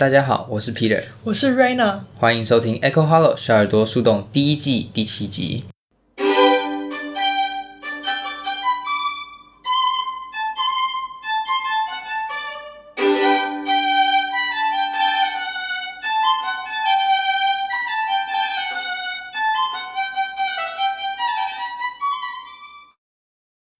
大家好，我是 Peter，我是 Reyna。歡迎收聽，《Echo Hollow 小耳朵樹洞》第一季第七集。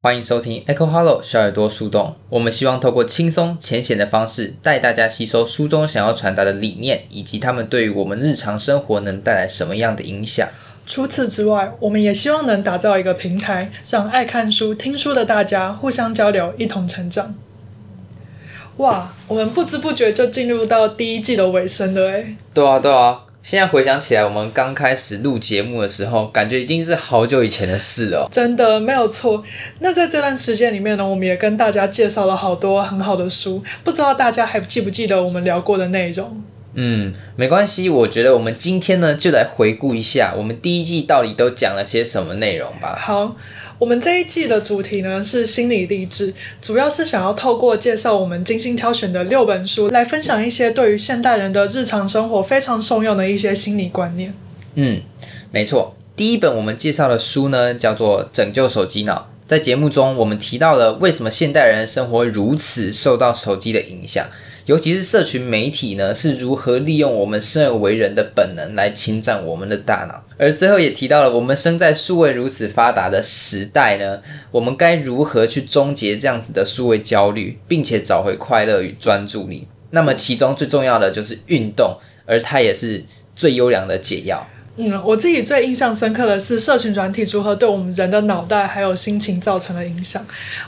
歡迎收聽 Echo Hello，《Echo Hollow 小耳朵樹洞》。我們希望透過輕鬆淺顯的方式，帶大家吸收書中想要傳達的理念，以及他們對於我們日常生活能帶來什麼樣的影響。除此之外，我們也希望能打造一個平台，讓愛看書、聽書的大家互相交流，一同成長。哇，我們不知不覺就進入到第一季的尾聲了誒。對啊，對啊。現在回想起來，我們剛開始錄節目的時候，感覺已經是好久以前的事了。真的，沒有錯。那在這段時間裡面呢，我們也跟大家介紹了好多很好的書，不知道大家還記不記得我們聊過的內容。嗯，沒關係。我覺得我們今天呢，就來回顧一下我們第一季到底都講了些什麼內容吧。好，我們這一季的主題呢是心理勵志，主要是想要透過介紹我們精心挑選的六本書，來分享一些對於現代人的日常生活非常受用的一些心理觀念。嗯，沒錯。第一本我們介紹的書呢叫做《拯救手機腦》。在節目中，我們提到了為什麼現代人生活如此受到手機的影響。尤其是社群媒體呢，是如何利用我們生而為人的本能來侵佔我們的大腦。而最後也提到了，我們生在數位如此發達的時代呢，我們該如何去終結這樣子的數位焦慮，並且找回快樂與專注力。那麼其中最重要的就是運動，而它也是最優良的解藥。嗯，我自己最印象深刻的是社群軟體如何對我們人的腦袋還有心情造成的影響。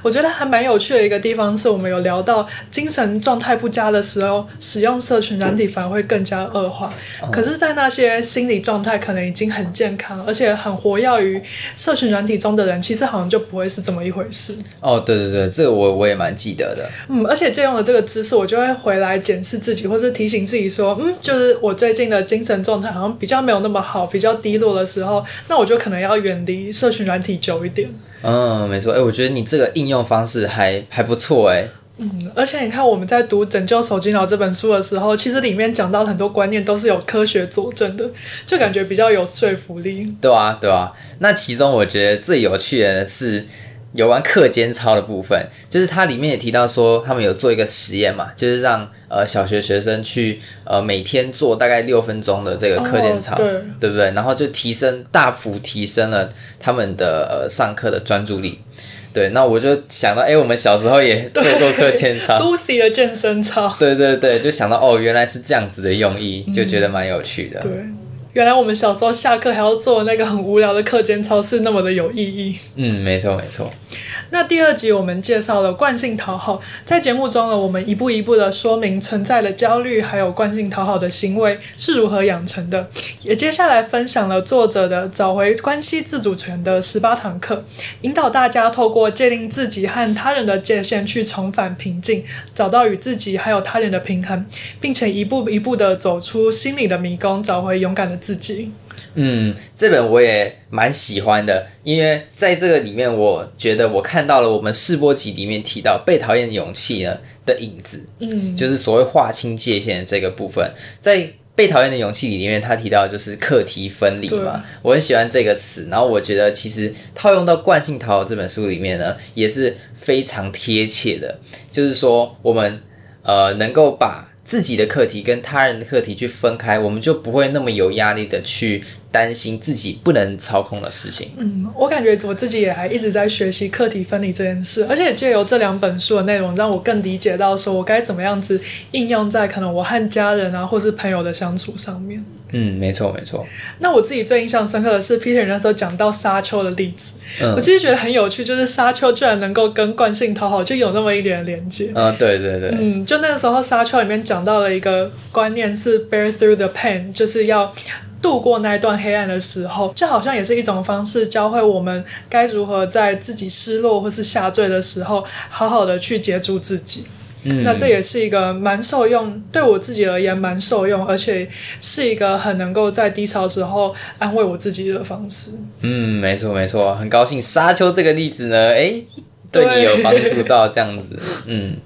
我覺得還蠻有趣的一個地方是，我們有聊到精神狀態不佳的時候，使用社群軟體反而會更加惡化。可是，在那些心理狀態可能已經很健康，而且很活躍於社群軟體中的人，其實好像就不會是這麼一回事。哦，對對對，這個我我也蠻記得的。嗯，而且借用了這個知識，我就會回來檢視自己，或是提醒自己說，嗯，就是我最近的精神狀態好像比較沒有那麼好。好，比較低落的時候，那我就可能要遠離社群軟體久一點。嗯，沒錯，誒、欸，我覺得你這個應用方式還還不錯、欸，誒，嗯，而且你看，我們在讀《拯救手機腦》這本書的時候，其實裡面講到很多觀念都是有科學佐證的，就感覺比較有說服力。對啊，對啊。那其中我覺得最有趣的是。有關課間操的部分，就是它裡面也提到說，他們有做一個實驗嘛，就是讓呃小學學生去呃每天做大概六分鐘的這個課間操，oh, 對,對不對？然後就提升大幅提升了他們的、呃、上課的專注力。對，那我就想到，哎、欸，我們小時候也在做過課間操 Lucy 的健身操，對, 對對對，就想到哦，原來是這樣子的用意，就覺得蠻有趣的。嗯對原來我們小時候下課還要做那個很無聊的課間操是那麼的有意義。嗯，沒錯，沒錯。那第二集我們介紹了慣性討好，在節目中呢，我們一步一步的說明存在的焦慮還有慣性討好的行為是如何養成的，也接下來分享了作者的找回關係自主權的十八堂課，引導大家透過界定自己和他人的界限去重返平靜，找到與自己還有他人的平衡，並且一步一步的走出心理的迷宮，找回勇敢的自己，嗯，這本我也蠻喜歡的，因為在這個裡面，我覺得我看到了我們《試播集》裡面提到被討厭的勇氣呢的影子，嗯，就是所謂劃清界限的這個部分，在《被討厭的勇氣》裡面，他提到就是課題分離嘛，對我很喜歡這個詞，然後我覺得其實套用到《慣性討好》這本書裡面呢，也是非常貼切的，就是說我們呃能夠把。自己的課題跟他人的課題去分開，我們就不會那麼有壓力的去擔心自己不能操控的事情。嗯，我感覺我自己也還一直在學習課題分離這件事，而且借由這兩本書的內容，讓我更理解到說我該怎麼樣子應用在可能我和家人啊，或是朋友的相處上面。嗯，沒錯沒錯。那我自己最印象深刻的是 Peter 那時候講到沙丘的例子，嗯、我其實覺得很有趣，就是沙丘居然能夠跟慣性討好，就有那麼一點的連接。啊、嗯，對對對。嗯，就那個時候沙丘裡面講到了一個觀念是 bear through the pain，就是要度過那一段黑暗的時候，就好像也是一種方式，教會我們該如何在自己失落或是下墜的時候，好好的去接住自己。嗯、那這也是一個蠻受用，對我自己而言蠻受用，而且是一個很能夠在低潮時候安慰我自己的方式。嗯，沒錯沒錯，很高興沙丘這個例子呢，誒、欸，對你有幫助到這樣子。對 嗯，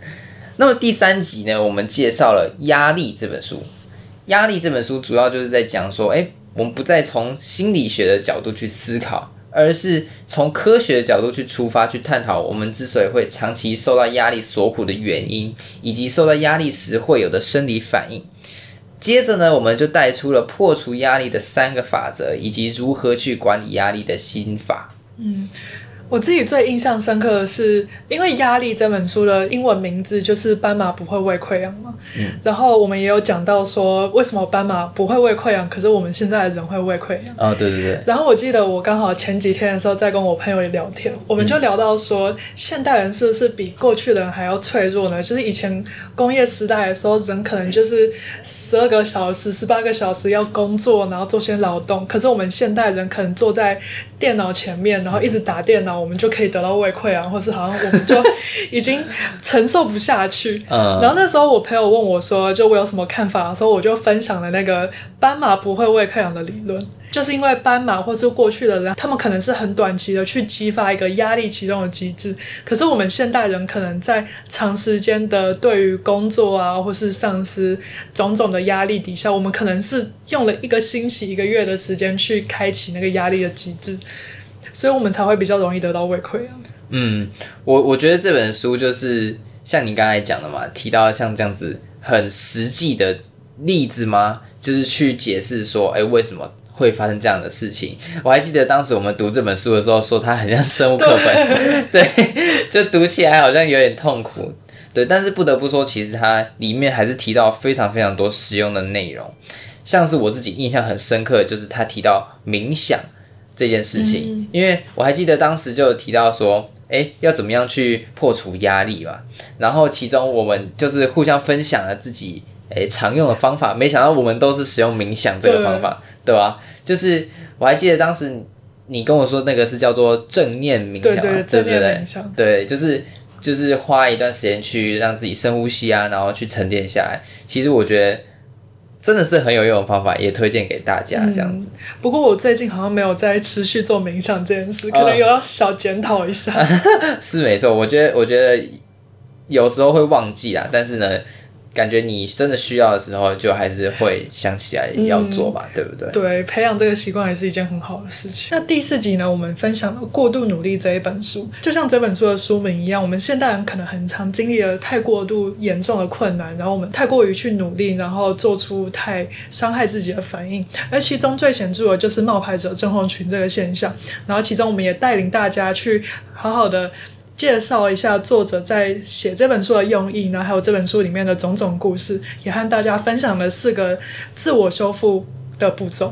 那麼第三集呢，我們介紹了《壓力》這本書，《壓力》這本書主要就是在講說，誒、欸，我們不再從心理學的角度去思考。而是從科學的角度去出發，去探討我們之所以會長期受到壓力所苦的原因，以及受到壓力時會有的生理反應。接着呢，我們就帶出了破除壓力的三個法則，以及如何去管理壓力的心法。嗯。我自己最印象深刻的是，因為《壓力》這本書的英文名字就是“斑馬不會胃潰瘍”嘛。嗯。然後我們也有講到說，為什麼斑馬不會胃潰瘍，可是我們現在的人會胃潰瘍啊？對對對。然後我記得我剛好前幾天的時候在跟我朋友聊天，我們就聊到說，嗯，現代人是不是比過去的人還要脆弱呢？就是以前工業時代的時候，人可能就是十二個小時、十八個小時要工作，然後做些勞動。可是我們現代人可能坐在電腦前面，然後一直打電腦。我們就可以得到胃潰瘍、啊，或是好像我們就已經承受不下去。 然後那時候我朋友問我說：“就我有什麼看法、啊？”的時候，我就分享了那個斑馬不會胃潰瘍的理論，就是因為斑馬或是過去的人，他們可能是很短期的去激發一個壓力啟動的機制。可是我們現代人可能在長時間的對於工作啊，或是上司種種的壓力底下，我們可能是用了一個星期、一個月的時間去開啟那個壓力的機制。所以我們才會比較容易得到胃潰瘍、啊、嗯，我我覺得這本書就是像你剛才講的嘛，提到像這樣子很實際的例子嘛，就是去解釋說，誒、欸，為什麼會發生這樣的事情？我還記得當時我們讀這本書的時候，說它很像生物課本，對，對，就讀起來好像有點痛苦。對，但是不得不說，其實它裡面還是提到非常非常多實用的內容，像是我自己印象很深刻的，就是他提到冥想。這件事情，因為我還記得當時就有提到說，誒，要怎麼樣去破除壓力吧。然後其中我們就是互相分享了自己誒常用的方法，沒想到我們都是使用冥想這個方法，對吧？對啊，就是我還記得當時你跟我說那個是叫做正念冥想啊，對對，正念冥想，對不對？對，就是就是花一段時間去讓自己深呼吸啊，然後去沉澱下來。其實我覺得。真的是很有用的方法，也推薦給大家、嗯、這樣子。不過我最近好像沒有在持續做冥想這件事，哦、可能又要小檢討一下。啊、是沒錯，我覺得我覺得有時候會忘記啦，但是呢。感覺你真的需要的時候，就還是會想起來要做吧，嗯、對不對？對，培養這個習慣還是一件很好的事情。那第四集呢，我們分享了《過度努力》這一本書，就像這本書的書名一樣，我們現代人可能很常經歷了太過度嚴重的困難，然後我們太過於去努力，然後做出太傷害自己的反應，而其中最顯著的就是冒牌者症候群這個現象。然後其中我們也帶領大家去好好的。介紹一下作者在寫這本書的用意，然後還有這本書裡面的種種故事，也和大家分享了四個自我修復的步驟。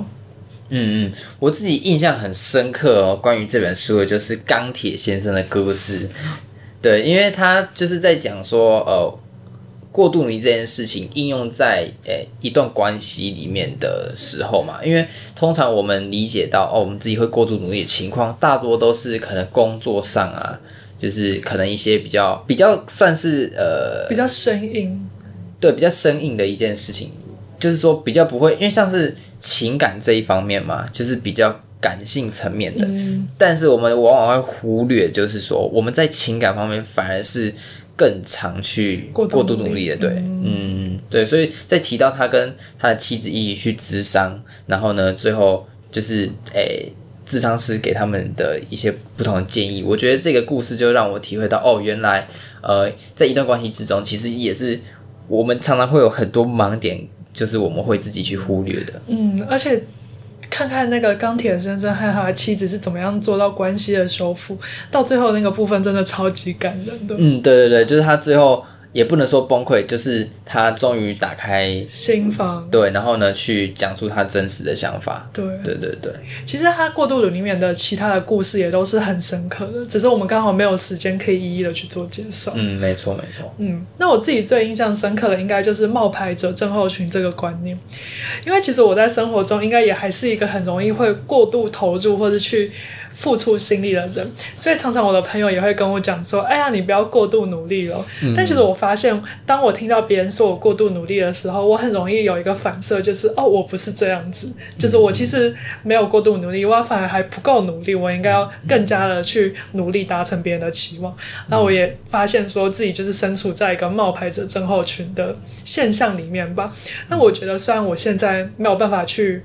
嗯嗯，我自己印象很深刻哦，關於這本書的就是鋼鐵先生的故事。對，因為他就是在講說，呃，過度努力這件事情應用在誒一段關係裡面的時候嘛，因為通常我們理解到哦，我們自己會過度努力的情況，大多都是可能工作上啊。就是可能一些比較比較算是呃比較生硬，對比較生硬的一件事情，就是說比較不會，因為像是情感這一方面嘛，就是比較感性層面的。嗯、但是我們往往會忽略，就是說我們在情感方面反而是更常去過度努力的。對，嗯，對，所以在提到他跟他的妻子一起去諮商，然後呢，最後就是誒。欸諮商師給他們的一些不同的建議，我覺得這個故事就讓我體會到哦，原來呃，在一段關係之中，其實也是我們常常會有很多盲點，就是我們會自己去忽略的。嗯，而且看看那個鋼鐵先生和他的妻子是怎麼樣做到關係的修復，到最後那個部分真的超級感人的。嗯，對對對，就是他最後。也不能說崩潰，就是他終於打開心房，對，然後呢，去講述他真實的想法，對，對，對，對，對，對。其實他過渡裡面的其他的故事也都是很深刻的，只是我們剛好沒有時間可以一一的去做介紹。嗯，沒錯，沒錯。嗯，那我自己最印象深刻的應該就是冒牌者症候群這個觀念，因為其實我在生活中應該也還是一個很容易會過度投入或者去。付出心力的人，所以常常我的朋友也會跟我講說：“哎呀，你不要過度努力了。”嗯，但其實我發現，當我聽到別人說我過度努力的時候，我很容易有一個反射，就是“哦，我不是這樣子，就是我其實沒有過度努力，我反而還不夠努力，我應該要更加的去努力達成別人的期望。”嗯，那我也發現說自己就是身處在一個冒牌者症候群的現象裡面吧。那我覺得，雖然我現在沒有辦法去。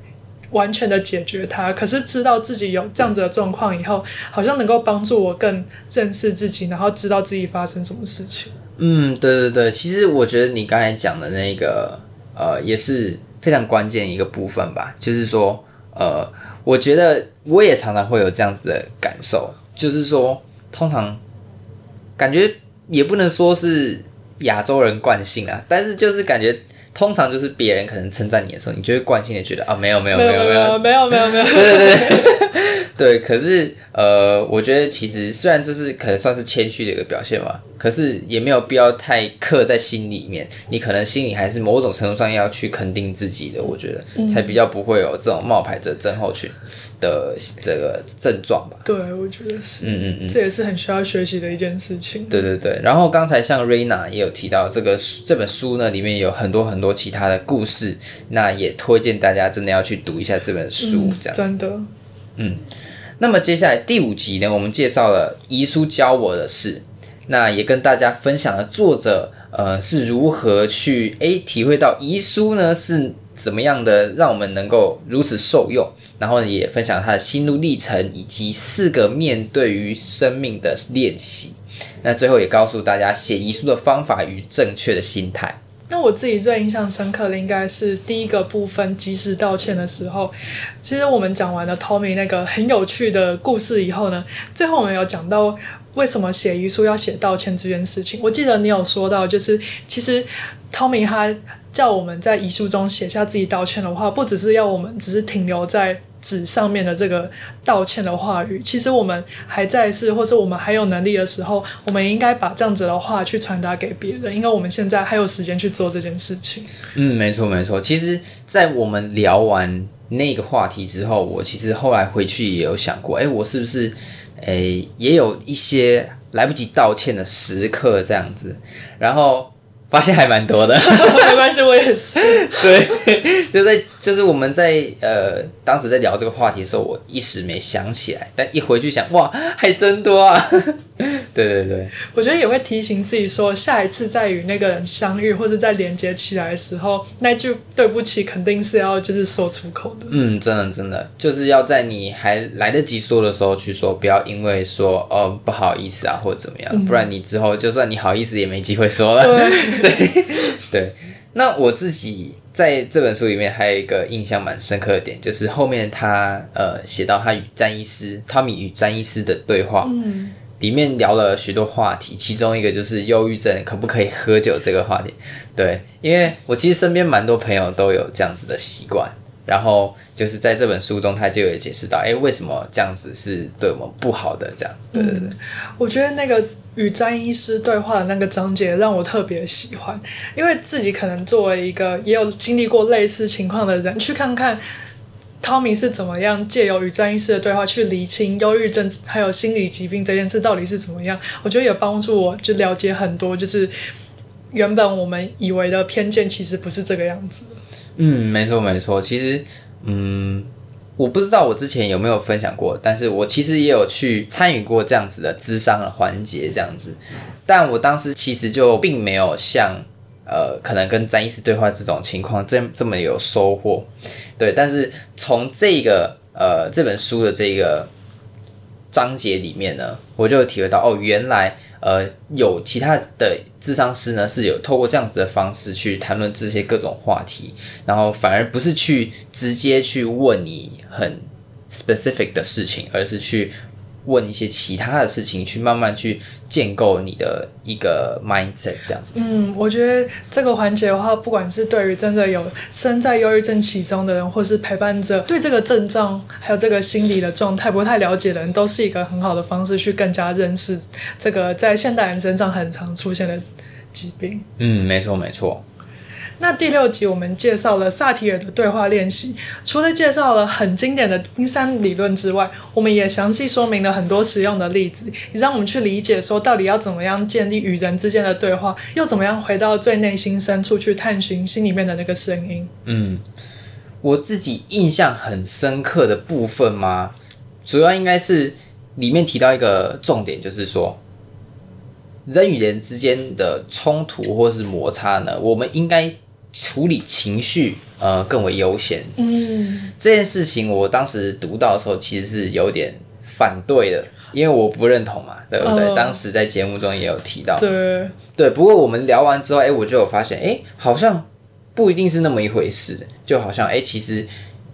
完全的解決它，可是知道自己有這樣子的狀況以後，好像能夠幫助我更正視自己，然後知道自己發生什麼事情。嗯，對對對，其實我覺得你剛才講的那個，呃，也是非常關鍵的一個部分吧。就是說，呃，我覺得我也常常會有這樣子的感受，就是說，通常感覺也不能說是亞洲人慣性啊，但是就是感覺。通常就是別人可能稱讚你的時候，你就會慣性的覺得啊，沒有沒有沒有沒有沒有沒有沒有，對。 對對對， 對，可是呃，我覺得其實雖然這是可能算是謙虛的一個表現嘛。可是也沒有必要太刻在心裡面，你可能心裡還是某種程度上要去肯定自己的。我覺得、嗯、才比較不會有這種冒牌者症候群的這個症狀吧。對，我覺得是，嗯嗯嗯，嗯嗯這也是很需要學習的一件事情。對對對，然後剛才像瑞娜也有提到這個這本書呢，裡面有很多很多其他的故事，那也推薦大家真的要去讀一下這本書，這樣子。嗯、真的。嗯，那麼接下來第五集呢，我們介紹了遺書教我的事。那也跟大家分享了作者呃，是如何去誒體會到遺書呢是怎麼樣的讓我們能夠如此受用，然後也分享他的心路歷程以及四個面對於生命的練習，那最後也告訴大家寫遺書的方法與正確的心態。那我自己最印象深刻的應該是第一個部分，及時道歉的時候。其實我們講完了 Tommy 那個很有趣的故事以後呢，最後我們有講到。為什麼寫遺書要寫道歉這件事情？我記得你有說到，就是其實 Tommy 他叫我們在遺書中寫下自己道歉的話，不只是要我們只是停留在紙上面的這個道歉的話語。其實我們還在世，或是我們還有能力的時候，我們應該把這樣子的話去傳達給別人。因為我們現在還有時間去做這件事情。嗯，沒錯沒錯。其實，在我們聊完那個話題之後，我其實後來回去也有想過，哎、欸，我是不是？誒，也有一些來不及道歉的時刻這樣子，然後發現還蠻多的。 沒關係，我也是。對，就在就是我們在呃當時在聊這個話題的時候，我一時沒想起來，但一回去想，哇，還真多啊。對對對，我覺得也會提醒自己說，下一次再與那個人相遇或者再連接起來的時候，那句對不起肯定是要就是說出口的。嗯，真的真的，就是要在你還來得及說的時候去說，不要因為說哦不好意思啊或者怎麼樣，嗯、不然你之後就算你好意思也沒機會說了。對 對，對那我自己在這本書裡面還有一個印象蠻深刻的點，就是後面他呃寫到他與詹醫師 Tommy 與詹醫師的對話，嗯。裡面聊了許多話題，其中一個就是憂鬱症可不可以喝酒這個話題。對，因為我其實身邊蠻多朋友都有這樣子的習慣，然後就是在這本書中，他就有解釋到，誒、欸，為什麼這樣子是對我們不好的，這樣。對對對。我覺得那個與詹醫師對話的那個章節讓我特別喜歡，因為自己可能作為一個也有經歷過類似情況的人，去看看。湯米是怎麼樣借由與張醫師的對話去釐清憂鬱症還有心理疾病這件事到底是怎麼樣？我覺得也幫助我就了解很多，就是原本我們以為的偏見其實不是這個樣子。嗯，沒錯沒錯。其實，嗯，我不知道我之前有沒有分享過，但是我其實也有去參與過這樣子的諮商的環節，這樣子，但我當時其實就並沒有像。呃，可能跟詹醫師對話這種情況，這這麼有收穫，對。但是從這個呃這本書的這個章節裡面呢，我就體會到哦，原來呃有其他的諮商師呢，是有透過這樣子的方式去談論這些各種話題，然後反而不是去直接去問你很 specific 的事情，而是去問一些其他的事情，去慢慢去建構你的一個 mindset，這樣子。嗯，我覺得這個環節的話，不管是對於真的有身在憂鬱症其中的人，或是陪伴者，對這個症狀還有這個心理的狀態不太了解的人，都是一個很好的方式，去更加認識這個在現代人身上很常出現的疾病。嗯，沒錯，沒錯。那第六集我們介紹了薩提爾的對話練習，除了介紹了很經典的冰山理論之外，我們也詳細說明了很多實用的例子，也讓我們去理解說到底要怎麼樣建立與人之間的對話，又怎麼樣回到最內心深處去探尋心裡面的那個聲音。嗯，我自己印象很深刻的部分嗎？主要應該是裡面提到一個重點，就是說人與人之間的衝突或是摩擦呢，我們應該。處理情緒，呃，更為優先。嗯，這件事情我當時讀到的時候，其實是有點反對的，因為我不認同嘛，對不對？嗯。當時在節目中也有提到。對。對，不過我們聊完之後，哎，我就有發現，哎，好像不一定是那麼一回事。就好像，哎，其實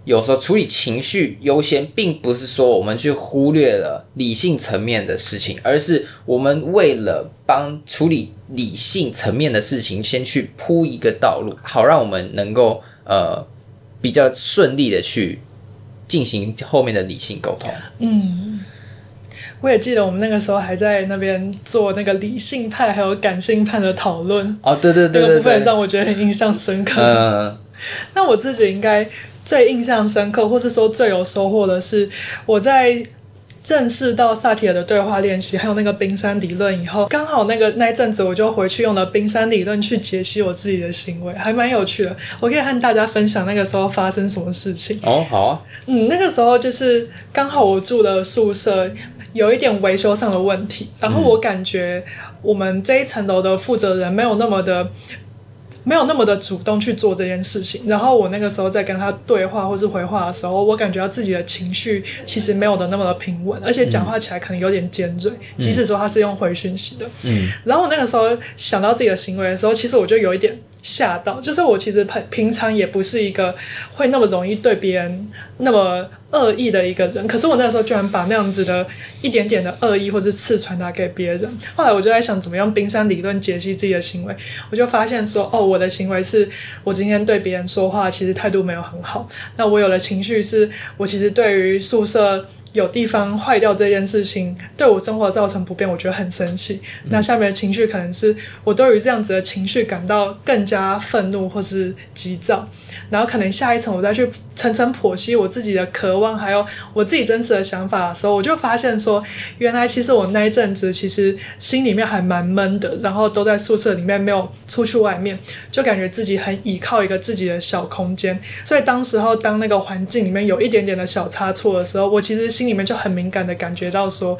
有時候處理情緒優先，並不是說我們去忽略了理性層面的事情，而是我們為了幫處理。理性層面的事情，先去鋪一個道路，好讓我們能夠呃比較順利的去進行後面的理性溝通。嗯，我也記得我們那個時候還在那邊做那個理性派還有感性派的討論。哦，對對對，對，對，對，對，這個部分讓我覺得很印象深刻。嗯， 那我自己應該最印象深刻，或是說最有收穫的是我在。正式到薩提爾的對話練習，還有那個冰山理論以後，剛好那個那一陣子我就回去用了冰山理論去解析我自己的行為，還蠻有趣的。我可以和大家分享那個時候發生什麼事情？哦，好啊，嗯，那個時候就是剛好我住的宿舍有一點維修上的問題，然後我感覺我們這一層樓的負責人沒有那麼的。沒有那麼的主動去做這件事情，然後我那個時候在跟他對話或是回話的時候，我感覺到自己的情緒其實沒有的那麼的平穩，而且講話起來可能有點尖銳，嗯、即使說他是用回訊息的。嗯、然後我那個時候想到自己的行為的時候，其實我就有一點嚇到，就是我其實平平常也不是一個會那麼容易對別人。那麼惡意的一個人，可是我那時候居然把那樣子的一點點的惡意或是刺傳達給別人。後來我就在想，怎麼用冰山理論解析自己的行為，我就發現說，哦，我的行為是我今天對別人說話，其實態度沒有很好。那我有的情緒，是我其實對於宿舍。有地方壞掉這件事情對我生活造成不便，我覺得很生氣。那下面的情緒可能是我對於這樣子的情緒感到更加憤怒或是急躁。然後可能下一層我再去層層剖析我自己的渴望，還有我自己真實的想法的時候，我就發現說，原來其實我那一陣子其實心裡面還蠻悶的，然後都在宿舍裡面沒有出去外面，就感覺自己很依靠一個自己的小空間。所以當時候當那個環境裡面有一點點的小差錯的時候，我其實心。裡面就很敏感的感覺到說，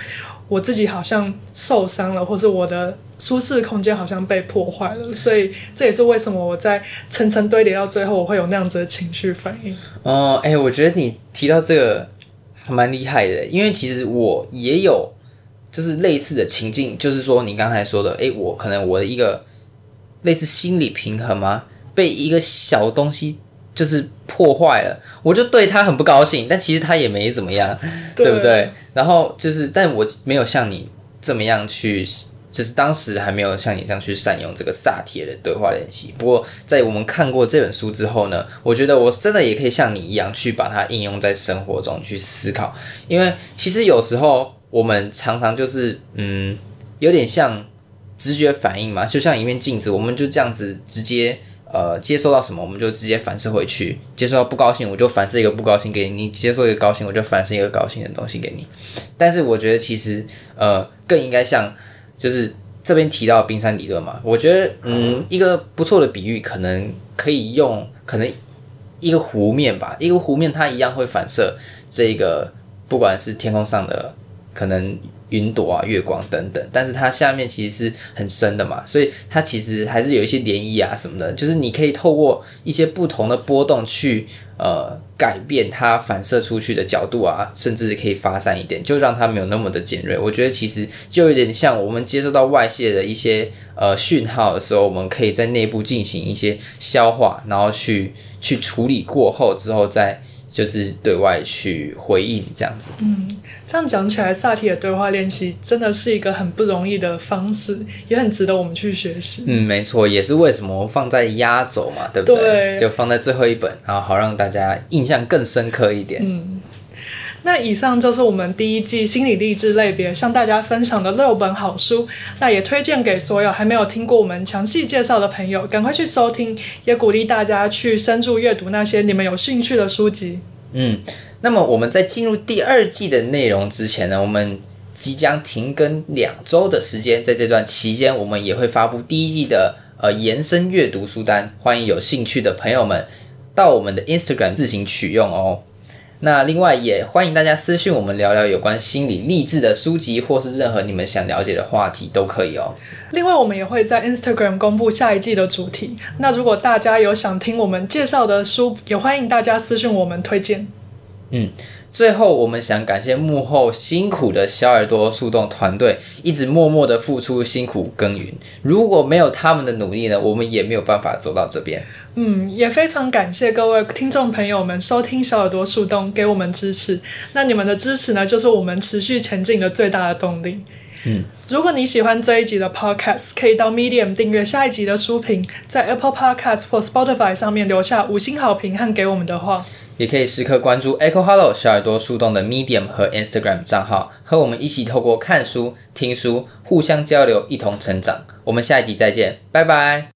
我自己好像受傷了，或是我的舒適空間好像被破壞了，所以這也是為什麼我在層層堆疊到最後，我會有那樣子的情緒反應。哦、嗯，哎、欸，我覺得你提到這個還蠻厲害的，因為其實我也有就是類似的情境，就是說你剛才說的，誒、欸，我可能我的一個類似心理平衡嗎？被一個小東西。就是破壞了，我就對他很不高興，但其實他也沒怎麼樣，對，對不對？然後就是，但我沒有像你這麼樣去，就是當時還沒有像你這樣去善用這個薩提爾的對話練習。不過，在我們看過這本書之後呢，我覺得我真的也可以像你一樣去把它應用在生活中去思考，因為其實有時候我們常常就是嗯，有點像直覺反應嘛，就像一面鏡子，我們就這樣子直接。呃，接收到什麼我們就直接反射回去；接受到不高興，我就反射一個不高興給你；你接受一個高興，我就反射一個高興的東西給你。但是我覺得其實，呃，更應該像就是這邊提到的冰山理論嘛，我覺得嗯，嗯一個不錯的比喻可能可以用，可能一個湖面吧，一個湖面它一樣會反射這個，不管是天空上的。可能雲朵啊、月光等等，但是它下面其實是很深的嘛，所以它其實還是有一些漣漪啊什麼的。就是你可以透過一些不同的波動去呃改變它反射出去的角度啊，甚至可以發散一點，就讓它沒有那麼的尖銳。我覺得其實就有點像我們接收到外界的一些呃訊號的時候，我們可以在內部進行一些消化，然後去去處理過後之後再。就是對外去回應這樣子。嗯，這樣講起來，薩提的對話練習真的是一個很不容易的方式，也很值得我們去學習。嗯，沒錯，也是為什麼放在壓軸嘛，對不對？對，就放在最後一本，然後好讓大家印象更深刻一點。嗯。那以上就是我們第一季心理勵志類別向大家分享的六本好書。那也推薦給所有還沒有聽過我們詳細介紹的朋友，趕快去收聽，也鼓勵大家去深入閱讀那些你們有興趣的書籍。嗯，那麼我們在進入第二季的內容之前呢，我們即將停更兩周的時間，在這段期間，我們也會發布第一季的呃延伸閱讀書單，歡迎有興趣的朋友們到我們的 Instagram 自行取用哦。那另外也歡迎大家私訊我們聊聊有關心理勵志的書籍，或是任何你們想了解的話題都可以哦。另外我們也會在 Instagram 公布下一季的主題。那如果大家有想聽我們介紹的書，也歡迎大家私訊我們推薦。嗯。最後，我們想感謝幕後辛苦的小耳朵樹洞團隊，一直默默的付出，辛苦耕耘。如果沒有他們的努力呢，我們也沒有辦法走到這邊。嗯，也非常感謝各位聽眾朋友們收聽小耳朵樹洞給我們支持。那你們的支持呢，就是我們持續前進的最大的動力。嗯，如果你喜歡這一集的 Podcast，可以到 Medium 訂閱下一集的書評，在 Apple Podcast 或 Spotify 上面留下五星好評和給我們的話。也可以時刻關注 Echo Hollow 小耳朵樹洞的 Medium 和 Instagram 賬號，和我們一起透過看書、聽書，互相交流，一同成長。我們下一集再見，拜拜。